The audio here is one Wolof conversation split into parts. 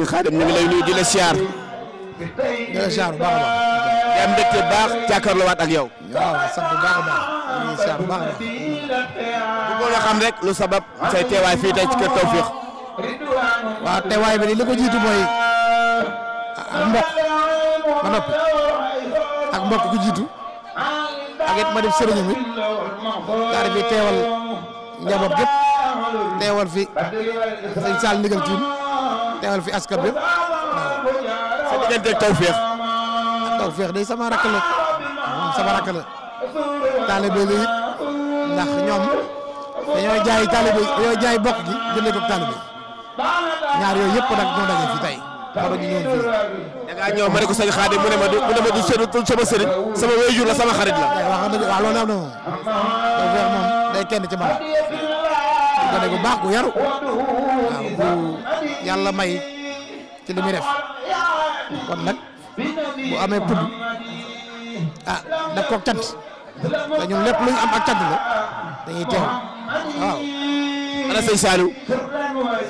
sëñ Xaadim ñu ngi lay nuyu di siyaar. di siyaar bu baax a baax. di am baax jàkkaarloowaat ak yow. waaw sant baax a baax. ñu a a xam rek lu sabab say teewaay fii tey ci kër waaw teewaay bi de li ko jiitu mooy mbokk ma noppi ak mbokk ku jiitu ak it ma def sëriñam it daal di teewal njaboot gépp teewal fi sëñ Saal ndigal Thioune. teewal fi askan bi sa diggante ak tawfeex tawfeex day sama rakk la sama rakk la taalibe la it ndax ñoom dañoo jaay taalibe dañoo jaay bokk gi jëndee ko taalibe ñaar yooyu yëpp nag ñoo daje fi tey moo mu ne ma du ma du sama sëriñ sama wéyjur la sama xarit la. wax nga dëgg moom tawfeex moom day kenn ci man. gone bu baax gu yaru waaw may ci li muy def kon nag bu amee pudd ah daf koog cant te ñun lépp am ak cant la dañuy teew waaw. ana sëñ Saliou.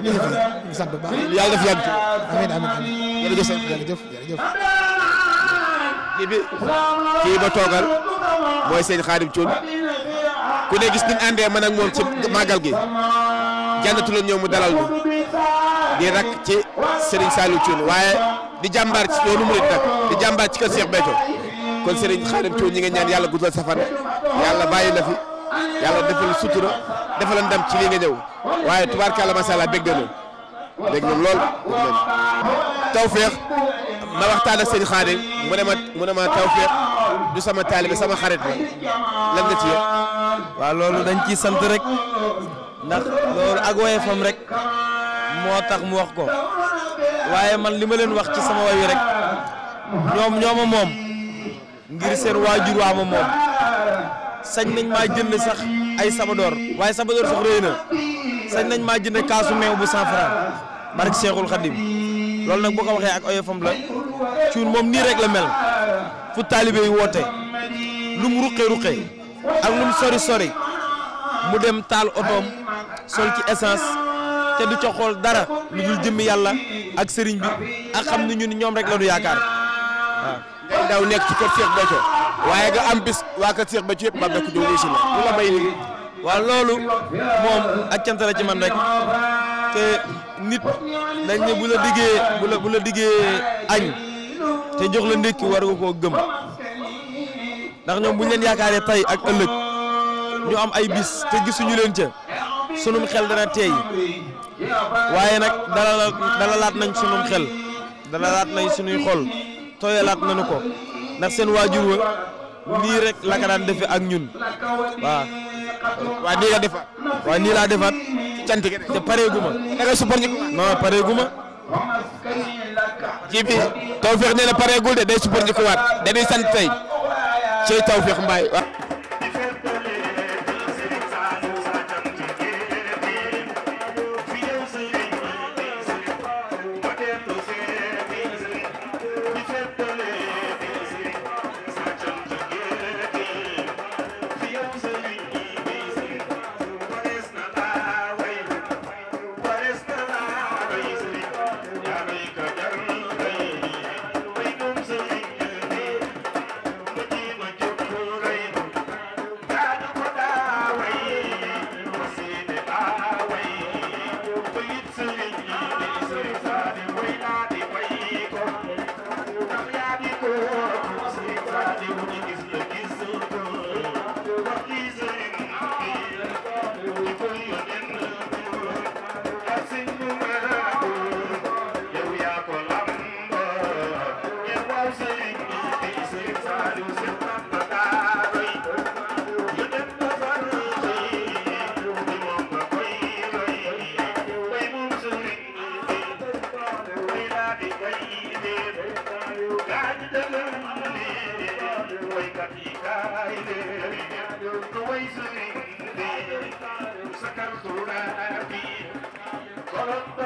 ñu fi sant bu baax. yàlla def yàgg. amiin amiin amiin jërëjëf sëñ bi jërëjëf jërëjëf. kii bi kii ba toogal ku ne gis ni mu àndee man ak moom ci màggal gi jànnatu la ñëw mu dalal ñu di rak ci Serigne Saliou Thioune waaye di jàmbaar ci yoonu murit nag di jàmbaar ci kër Cheikh Béthio kon Serigne Khadim Thioune ñi nga ñaan yàlla guddal sa fan yàlla bàyyi la fi yàlla defal sutura defal ndam ci li nga ñëw waaye tubaarkàlla macha allah bég nañu bég nañu lool. tawfeex ma waxtaan ak sëñ Xaadim mu ne ma mu ne ma tawféex du sama taalibe sama xarit la lan ci yëpp. waaw loolu dañ ciy sant rek ndax loolu ak woyefam rek moo tax mu wax ko waaye man li ma leen wax ci sama wi rek ñoom ñooma moom ngir seen waajur waa ma moom sañ nañ maa jënd sax ay sabadoor waaye sabadoor sax réy na sañ nañ maa jënd kaasu meew bu 100 francs barke Cheikhul Khadim loolu nag boo ko waxee ak oyofam la cuun moom nii rek la mel fu taalibe yi woote lu mu ruqe ruqe ak lu sori sori mu dem taal otoom sol ci essence te du ca xool dara lu dul jëmmi yàlla ak sëriñ bi ak xam ne ñun ñoom rek la ñu yaakaar waaw. daw nekk ci kër Cheikh Béthio waaye nga am bis waa kër Cheikh Béthio yëpp ba bekk doo wuyu si la lu la may nii waaw loolu moom ak ci man rek te nit dañ ne bu la diggee bu la bu la diggee añ. te jox la ndékki war nga koo gëm ndax ñoom bu ñu leen yaakaaree tey ak ëllëg ñu am ay bis te gisuñu leen ca sunum xel dana teey waaye nag dala dalalaat nañ sunum xel dalalaat nañ sunuy xol tooyalaat nañu ko ndax seen waajur wa nii rek la ka daan defe ak ñun waaw. waa nii nga defaat. waa nii laa defaat cant gi te pareegu ma. da ma. jibi tawfeex nee na pareegul de day suppar njëkkuwaat dañuy sant tey cey tawfeex mbaay Ananda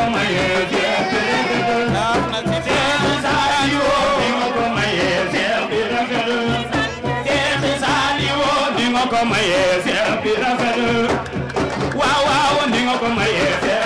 ko maye seex bi rafet waaw waaw ni nga ko maye seex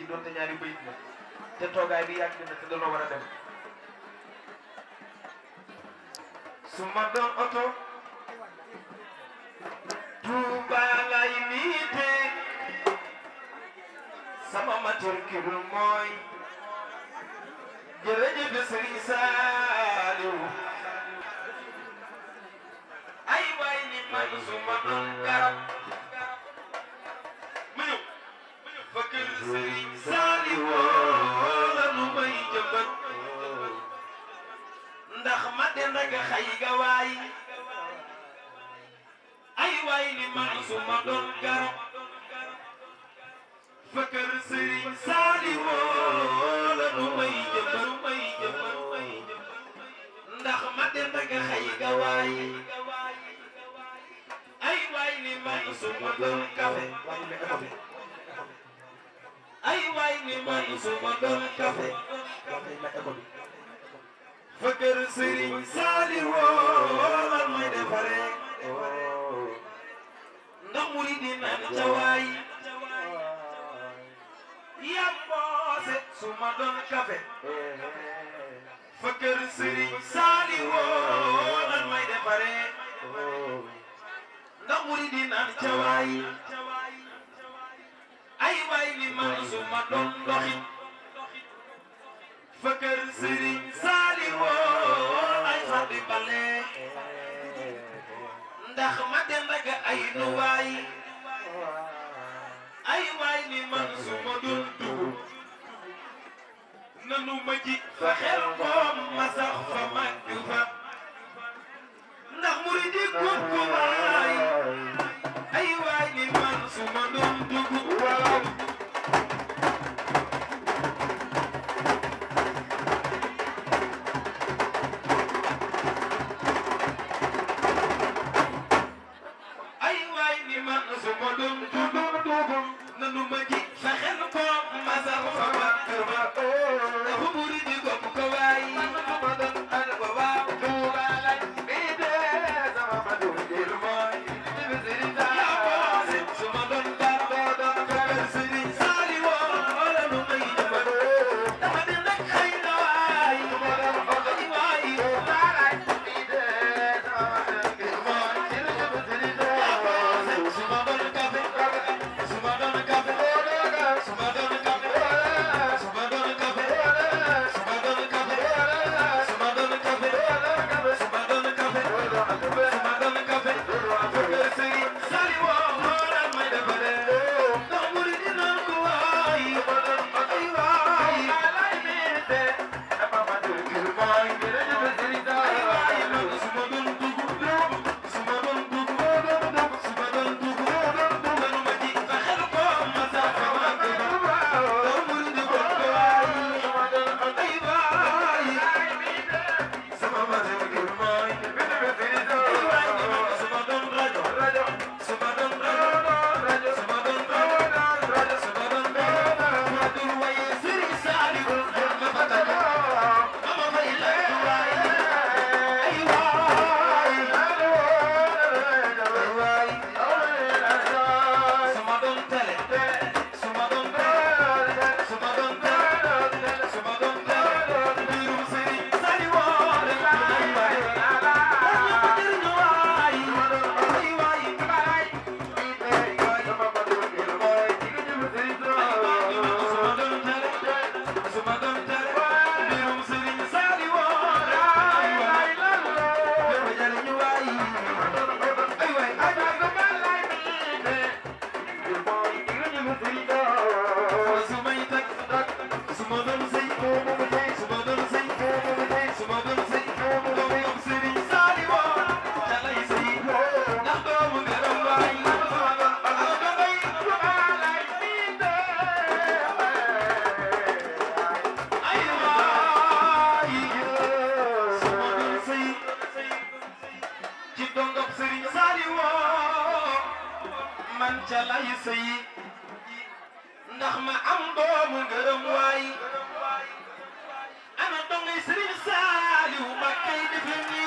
ci doonte ñaari bayit la te toogaay bi yàgg na te danoo war a dem su ma doon oto Tuuba lay niite sama matur kirul mooy jërëjëf Sëriñ Saaliw ay waay ni man su ma doon garab ba kër Sëriñ Saaliwoo la nu may jëmbat ndax ma de ndaga xay ga waay ay waay ni may jëmbat ma de ndaga man su ma doon café fa ay way li man suma doon doxit fa kër sëriñ saaliwoo ay xadi bale ndax ma dem rek ay nuwaay ay way li man suma doon dugub nanu ma ji fa xel koom ma fa màgg fa ndax muri di góob ko waay ay way li man suma doon Voilà. Thank you.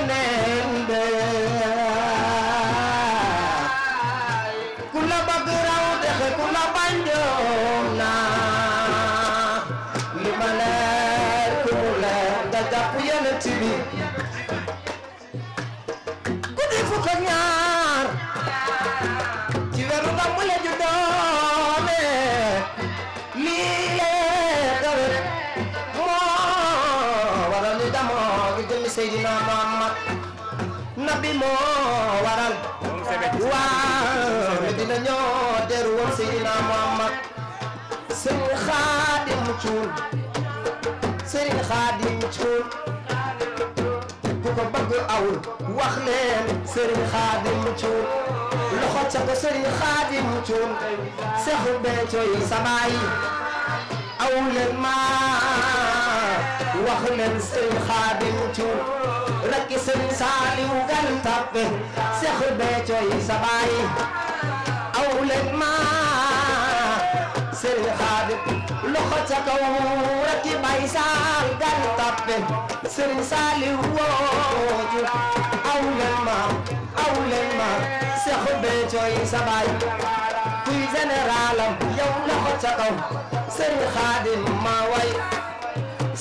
ne awul wax leen sëriñ cuun loxo ca ko sëriñ cuun sexu beeco yi samaa yi maa wax leen sëriñ cuun rakki sëriñ saaliw gan tàppe sexu beeco yi samaa yi aw maa sëriñ xaadim loxo ca kaw rakki bay saal gan tappe sëriñ Saaliw wooju aw leen ma aw leen ma Seex Béthio yi sa baay kuy généralam yow loxo ca kaw sëriñ Xaadim ma way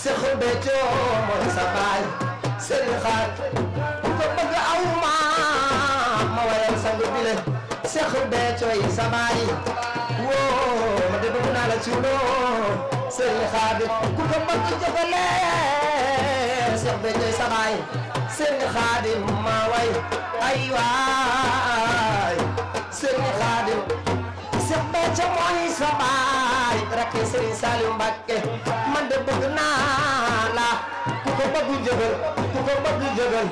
Seex Béthio mooy sa baay sëriñ Xaadim ku ko aw ma ma bile Seex Béthio yi sa baay ci loo Serigne Khadim ku ko bëgg jëfalee Cheikh Béthio Samaay Serigne ma way ay waay Serigne Khadim Cheikh Béthio mooy Samaay rakk Serigne Saliou Mbacké man de bëgg naa la ko bëgg jëgal ku ko bëgg jëgal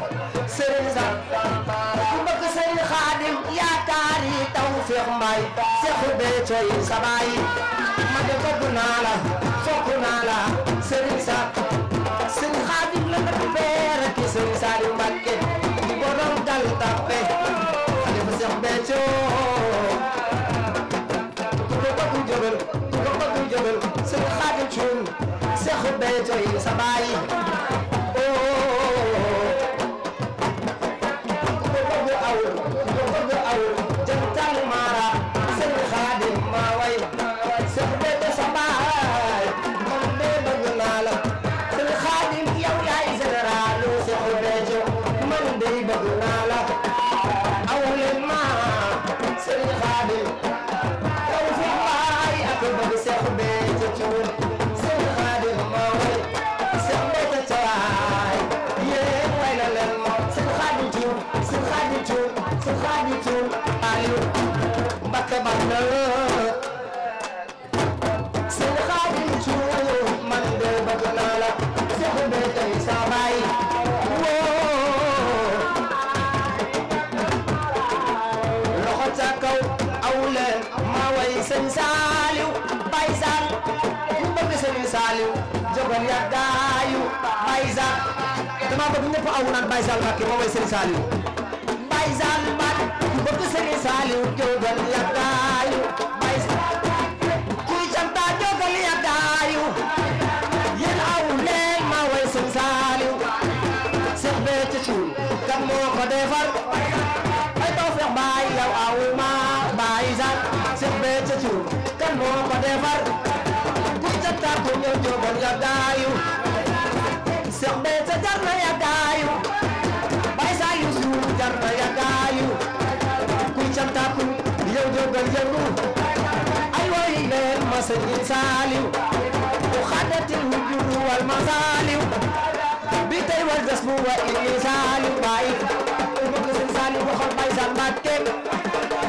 sëriñ sax ku bëgg sëriñ xaadim yaakaar yi taw feex mbaay seexu beeco yi sabaay ma de bëgg naa la fokk naa la sëriñ sax sëriñ xaadim la nga beer ki sëriñ Saliou Mbacke di borom dal tappe xalifa seex beeco ku ko bëgg jëgal ku ko bëgg jëgal sëriñ xaadim cuun seexu beeco yi sabaay Baye Sall dama bëgg ñëpp awu naan Baye Sall Mbacké moo way Serigne Saliou Sëriñ Saliou jógal ya daayu bay kuy canta jógal ya daayu yéen aw leen ma way Sëriñ Saliou Seex Béthio Thioune kan moo ko defar ay taw feex baay yow aw ma baay sax Seex Béthio kan moo ko defar kuy canta ma jëndu ay way leen ma sëriñ saaliw bu xadatil hujur wal ma saaliw bi tey wal gas bu wa ili saaliw baay bëgg sëriñ saaliw bu xol bay sal mbàkke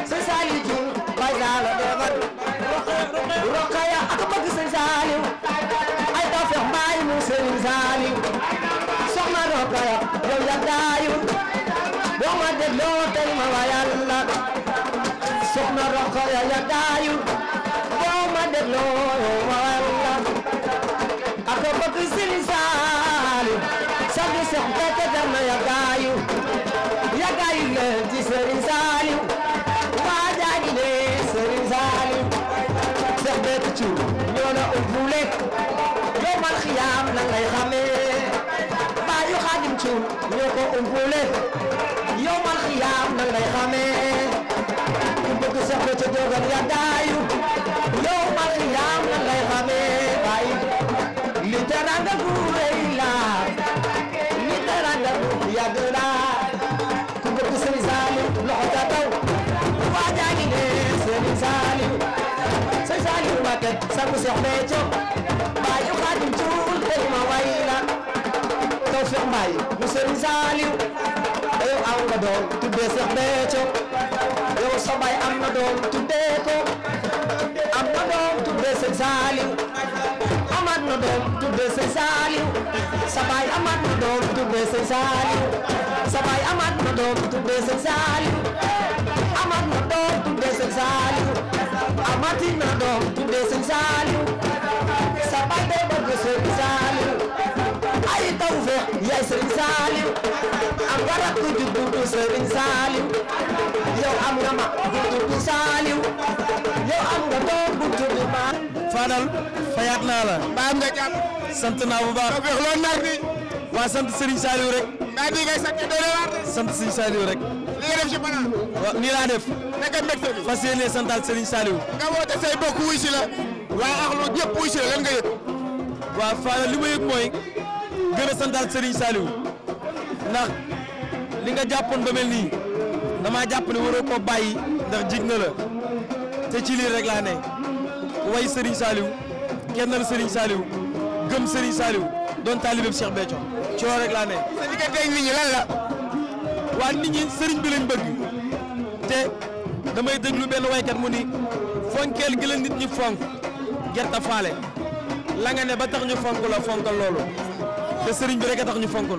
sëriñ saaliw ci bay sal a demat roqaya ak bëgg sëriñ saaliw ay tawfeex mbaay mu sëriñ saaliw soxna roqaya yow ya daayul boo ma dégloo tey ma wa yàlla ma ya ya ma dégloo walla ya daayu ya daayu leen waa jaaji le Sëriñ Saaliw Seex Bàmba ci ñoo na ubbule yow mal xamee baayu Xaadim ci ñoo ko ubbule yow mal xiyaam xamee sangu Seex Béthio baayu Xaadim Cuun tey ma way la Tawfeex Mbaay mu Sëriñ Saaliw yow am nga doom tuddee Seex Béthio yow sa baay am na doom tuddee ko am na doom tuddee Sëriñ Saaliw amaat na doom tuddee Sëriñ Saaliw sa baay amaat na doom tuddee Sëriñ Saaliw sa baay amaat na doom tuddee Sëriñ Saaliw amaat na doom tuddee Sëriñ Saaliw amati na doom dee sëñ Saliou sa baay bee bëgg sëñ Saliou ay taw feex yaay sëñ am nga rakk ju tudd am nga mag ju tudd Saliou am nga doom bu tudd ma Fadal fayaat naa la. baam nga sant naa bu baax. taw loo nar ni. waa sant Serigne rek. daa di ngay sant doole waar sant Serigne Saliou rek. li nga def ci banaan. waaw nii laa def. naka mbégte bi. fas yéene waa axlu ñëpp wuy si la lan nga yëg. waaw Fane li ma yëg mooy gën a santaat Serigne Saliou ndax li nga jàppoon ba mel nii damaa jàpp ne waroo ko bàyyi ndax jig na la te ci rek laa ne way Serigne Saliou kennal Serigne Saliou gëm Serigne Saliou doon taalibe Cheikh Béthio. ci loolu laa ne. sa diggante ak nit waa nit sëriñ bi lañ bëgg te damay déglu benn waykat mu ni fonkeel gi la nit ñi fonk gerte faale la ne ba tax ñu fonk la fonkal te sëriñ bi rek a tax ñu fonk